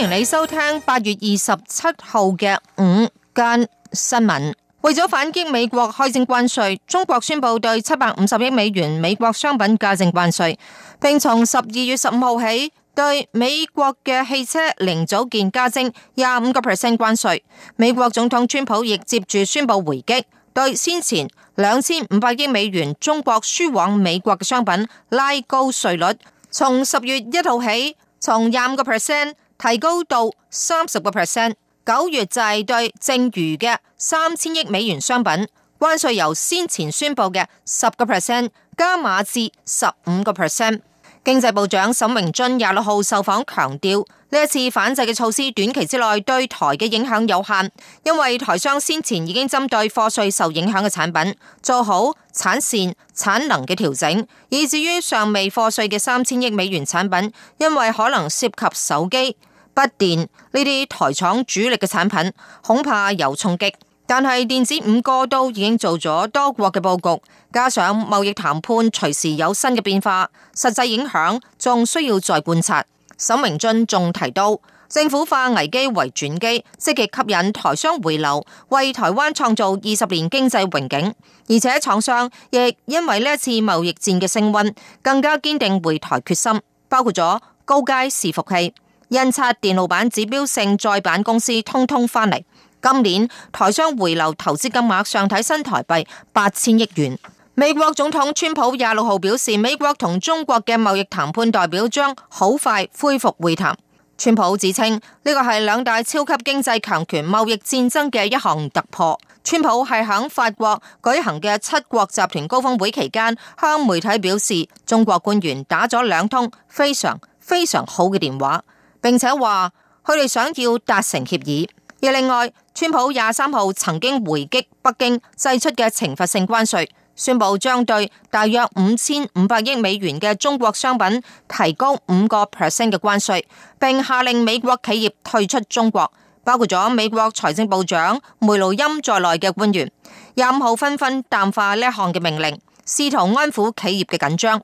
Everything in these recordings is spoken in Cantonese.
歡迎你收聽八月二十七號嘅午間新聞。為咗反擊美國開徵關稅，中國宣布對七百五十億美元美國商品加徵關稅，並從十二月十五號起對美國嘅汽車零組件加徵廿五個 percent 關稅。美國總統川普亦接住宣布回擊，對先前兩千五百億美元中國輸往美國嘅商品拉高稅率，從十月一號起從廿五個 percent。提高到三十個 percent，九月就係對剩餘嘅三千億美元商品關稅由先前宣布嘅十個 percent 加碼至十五個 percent。經濟部長沈榮津廿六號受訪強調，呢一次反制嘅措施短期之內對台嘅影響有限，因為台商先前已經針對貨稅受影響嘅產品做好產線產能嘅調整，以至於尚未貨稅嘅三千億美元產品，因為可能涉及手機。不電呢啲台廠主力嘅產品恐怕有衝擊，但係電子五哥都已經做咗多國嘅布局，加上貿易談判隨時有新嘅變化，實際影響仲需要再觀察。沈榮津仲提到，政府化危機為轉機，積極吸引台商回流，為台灣創造二十年經濟榮景。而且廠商亦因為呢一次貿易戰嘅升温，更加堅定回台決心，包括咗高階伺服器。印刷電路板指標性載板公司通通翻嚟。今年台商回流投資金額上睇，新台幣八千億元。美國總統川普廿六號表示，美國同中國嘅貿易談判代表將好快恢復會談。川普指稱呢個係兩大超級經濟強權貿易戰爭嘅一項突破。川普係響法國舉行嘅七國集團高峰會期間，向媒體表示，中國官員打咗兩通非常非常好嘅電話。並且話佢哋想要達成協議。而另外，川普廿三號曾經回擊北京祭出嘅懲罰性關稅，宣布將對大約五千五百億美元嘅中國商品提高五個 percent 嘅關稅，並下令美國企業退出中國，包括咗美國財政部長梅努欽在內嘅官員廿五號紛紛淡化呢項嘅命令，試圖安撫企業嘅緊張。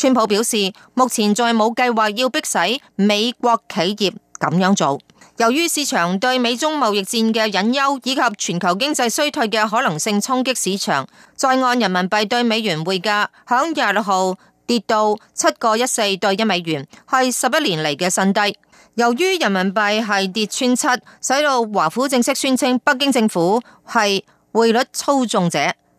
川普表示，目前仲冇計劃要逼使美國企業咁樣做。由於市場對美中貿易戰嘅隱憂以及全球經濟衰退嘅可能性衝擊市場，在岸人民幣對美元匯價，響廿六號跌到七個一四對一美元，係十一年嚟嘅新低。由於人民幣係跌穿七，使到華府正式宣稱北京政府係匯率操縱者。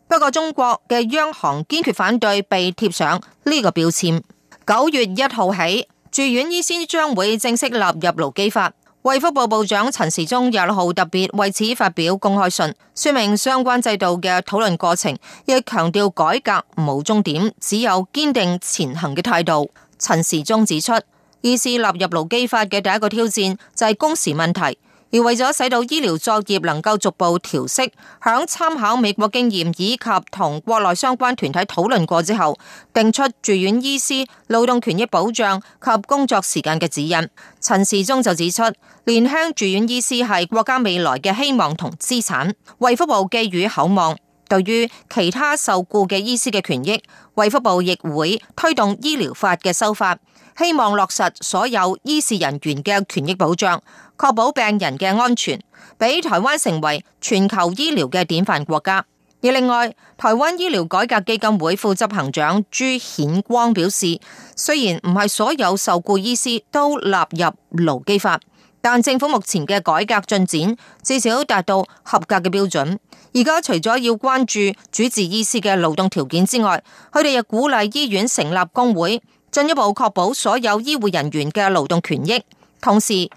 不過，中國嘅央行堅決反對被貼上呢個標籤。九月一號起，住院醫師將會正式納入勞基法。衛福部部長陳時中廿六號特別為此發表公開信，說明相關制度嘅討論過程，亦強調改革無終點，只有堅定前行嘅態度。陳時中指出，醫師納入勞基法嘅第一個挑戰就係工時問題。而為咗使到醫療作業能夠逐步調適，響參考美國經驗以及同國內相關團體討論過之後，定出住院醫師勞動權益保障及工作時間嘅指引。陳時中就指出，年輕住院醫師係國家未來嘅希望同資產，衛福部寄予厚望。對於其他受僱嘅醫師嘅權益，衛福部亦會推動醫療法嘅修法，希望落實所有醫事人員嘅權益保障。確保病人嘅安全，俾台灣成為全球醫療嘅典範國家。而另外，台灣醫療改革基金會副執行長朱顯光表示，雖然唔係所有受雇醫師都納入勞基法，但政府目前嘅改革進展至少達到合格嘅標準。而家除咗要關注主治醫師嘅勞動條件之外，佢哋亦鼓勵醫院成立工會，進一步確保所有醫護人員嘅勞動權益。同時，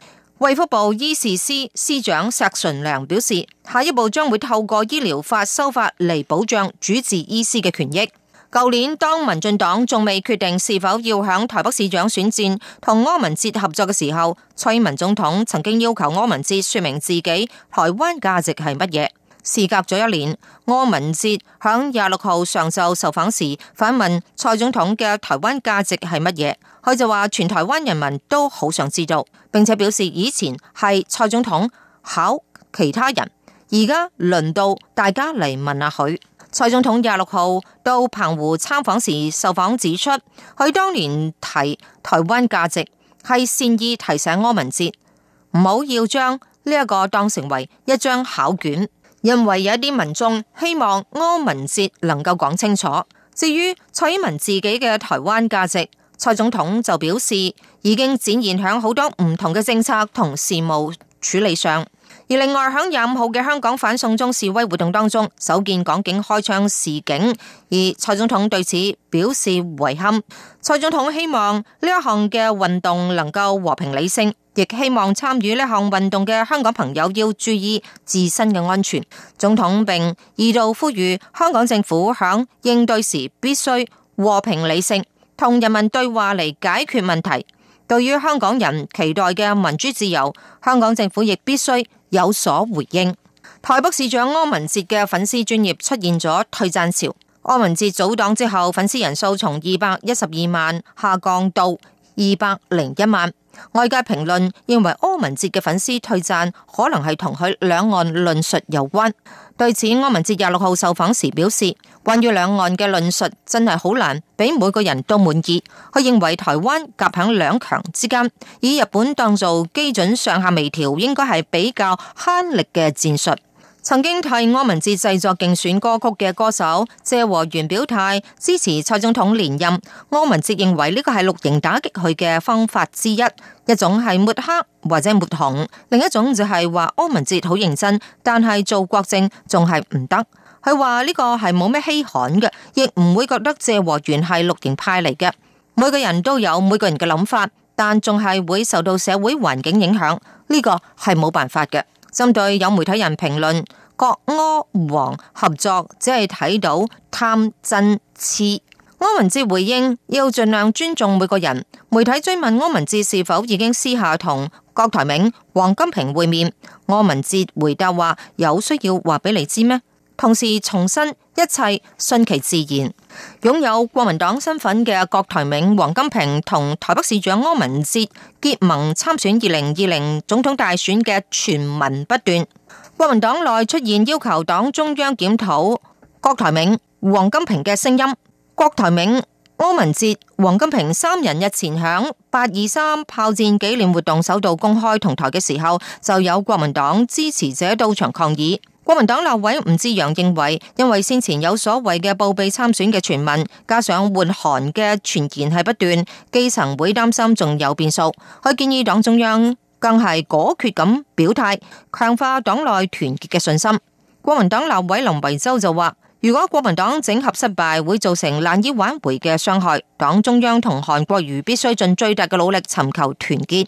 衛福部醫事司司長石純良表示，下一步將會透過醫療法修法嚟保障主治醫師嘅權益。舊年當民進黨仲未決定是否要響台北市長選戰同柯文哲合作嘅時候，蔡英文總統曾經要求柯文哲說明自己台灣價值係乜嘢。事隔咗一年，柯文哲響廿六號上晝受訪時，反問蔡總統嘅台灣價值係乜嘢？佢就話，全台灣人民都好想知道，並且表示以前係蔡總統考其他人，而家輪到大家嚟問下佢。蔡總統廿六號到澎湖參訪時，受訪指出，佢當年提台灣價值係善意提醒柯文哲唔好要將呢一個當成為一張考卷，因為有一啲民眾希望柯文哲能夠講清楚。至於蔡英文自己嘅台灣價值。蔡總統就表示，已經展現喺好多唔同嘅政策同事務處理上。而另外喺廿五號嘅香港反送中示威活動當中，首見港警開槍示警，而蔡總統對此表示遺憾。蔡總統希望呢一項嘅運動能夠和平理性，亦希望參與呢項運動嘅香港朋友要注意自身嘅安全。總統並二度呼籲香港政府喺應對時必須和平理性。同人民對話嚟解決問題，對於香港人期待嘅民主自由，香港政府亦必須有所回應。台北市長柯文哲嘅粉絲專頁出現咗退讚潮，柯文哲組黨之後，粉絲人數從二百一十二萬下降到二百零一萬。外界評論認為柯文哲嘅粉絲退贊可能係同佢兩岸論述有關。對此，柯文哲廿六號受訪時表示，關於兩岸嘅論述真係好難俾每個人都滿意。佢認為台灣夾響兩強之間，以日本當做基準上下微調，應該係比較慳力嘅戰術。曾經替柯文哲製作競選歌曲嘅歌手謝和弦表態支持蔡總統連任。柯文哲認為呢個係綠營打擊佢嘅方法之一，一種係抹黑或者抹紅，另一種就係話柯文哲好認真，但係做國政仲係唔得。佢話呢個係冇咩稀罕嘅，亦唔會覺得謝和弦係綠營派嚟嘅。每個人都有每個人嘅諗法，但仲係會受到社會環境影響，呢個係冇辦法嘅。針對有媒體人評論郭柯王合作，只係睇到貪嗔痴，柯文哲回應要盡量尊重每個人。媒體追問柯文哲是否已經私下同郭台銘、王金平會面，柯文哲回答話有需要話俾你知咩？同時重申。一切順其自然。擁有國民黨身份嘅郭台銘、王金平同台北市長柯文哲結盟參選二零二零總統大選嘅傳聞不斷。國民黨內出現要求黨中央檢討郭台銘、王金平嘅聲音。郭台銘、柯文哲、王金平三人日前響八二三炮戰紀念活動首度公開同台嘅時候，就有國民黨支持者到場抗議。國民黨立委吳志揚認為，因為先前有所謂嘅報備參選嘅傳聞，加上換韓嘅傳言係不斷，基層會擔心仲有變數。佢建議黨中央更係果決咁表態，強化黨內團結嘅信心。國民黨立委林維洲就話，如果國民黨整合失敗，會造成難以挽迴嘅傷害。黨中央同韓國瑜必須盡最大嘅努力尋求團結。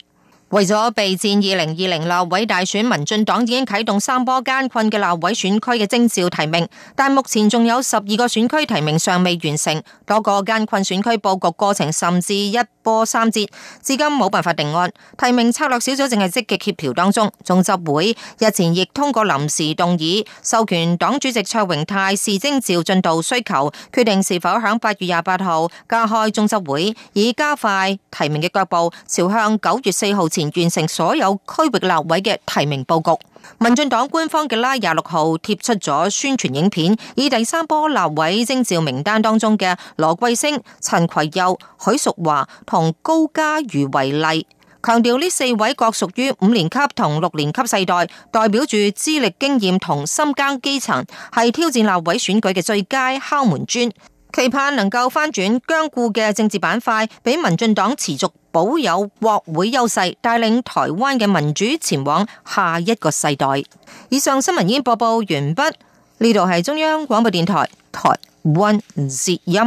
為咗備戰二零二零立委大選，民進黨已經啟動三波艱困嘅立委選區嘅徵召提名，但目前仲有十二個選區提名尚未完成，多個艱困選區布局過程甚至一波三折，至今冇辦法定案。提名策略小組淨係積極協調當中，中執會日前亦通過臨時動議，授權黨主席卓榮泰視徵召進度需求，決定是否響八月廿八號加開中執會，以加快提名嘅腳步，朝向九月四號前完成所有區域立委嘅提名布局，民進黨官方嘅拉廿六號貼出咗宣傳影片，以第三波立委徵召名單當中嘅羅桂興、陳葵佑、許淑華同高嘉瑜為例，強調呢四位各屬於五年級同六年級世代，代表住資歷經驗同深耕基層，係挑戰立委選舉嘅最佳敲門磚，期盼能夠翻轉僵固嘅政治板塊，俾民進黨持續。保有國會優勢，帶領台灣嘅民主前往下一個世代。以上新聞已經播報完畢，呢度係中央廣播電台台灣之音。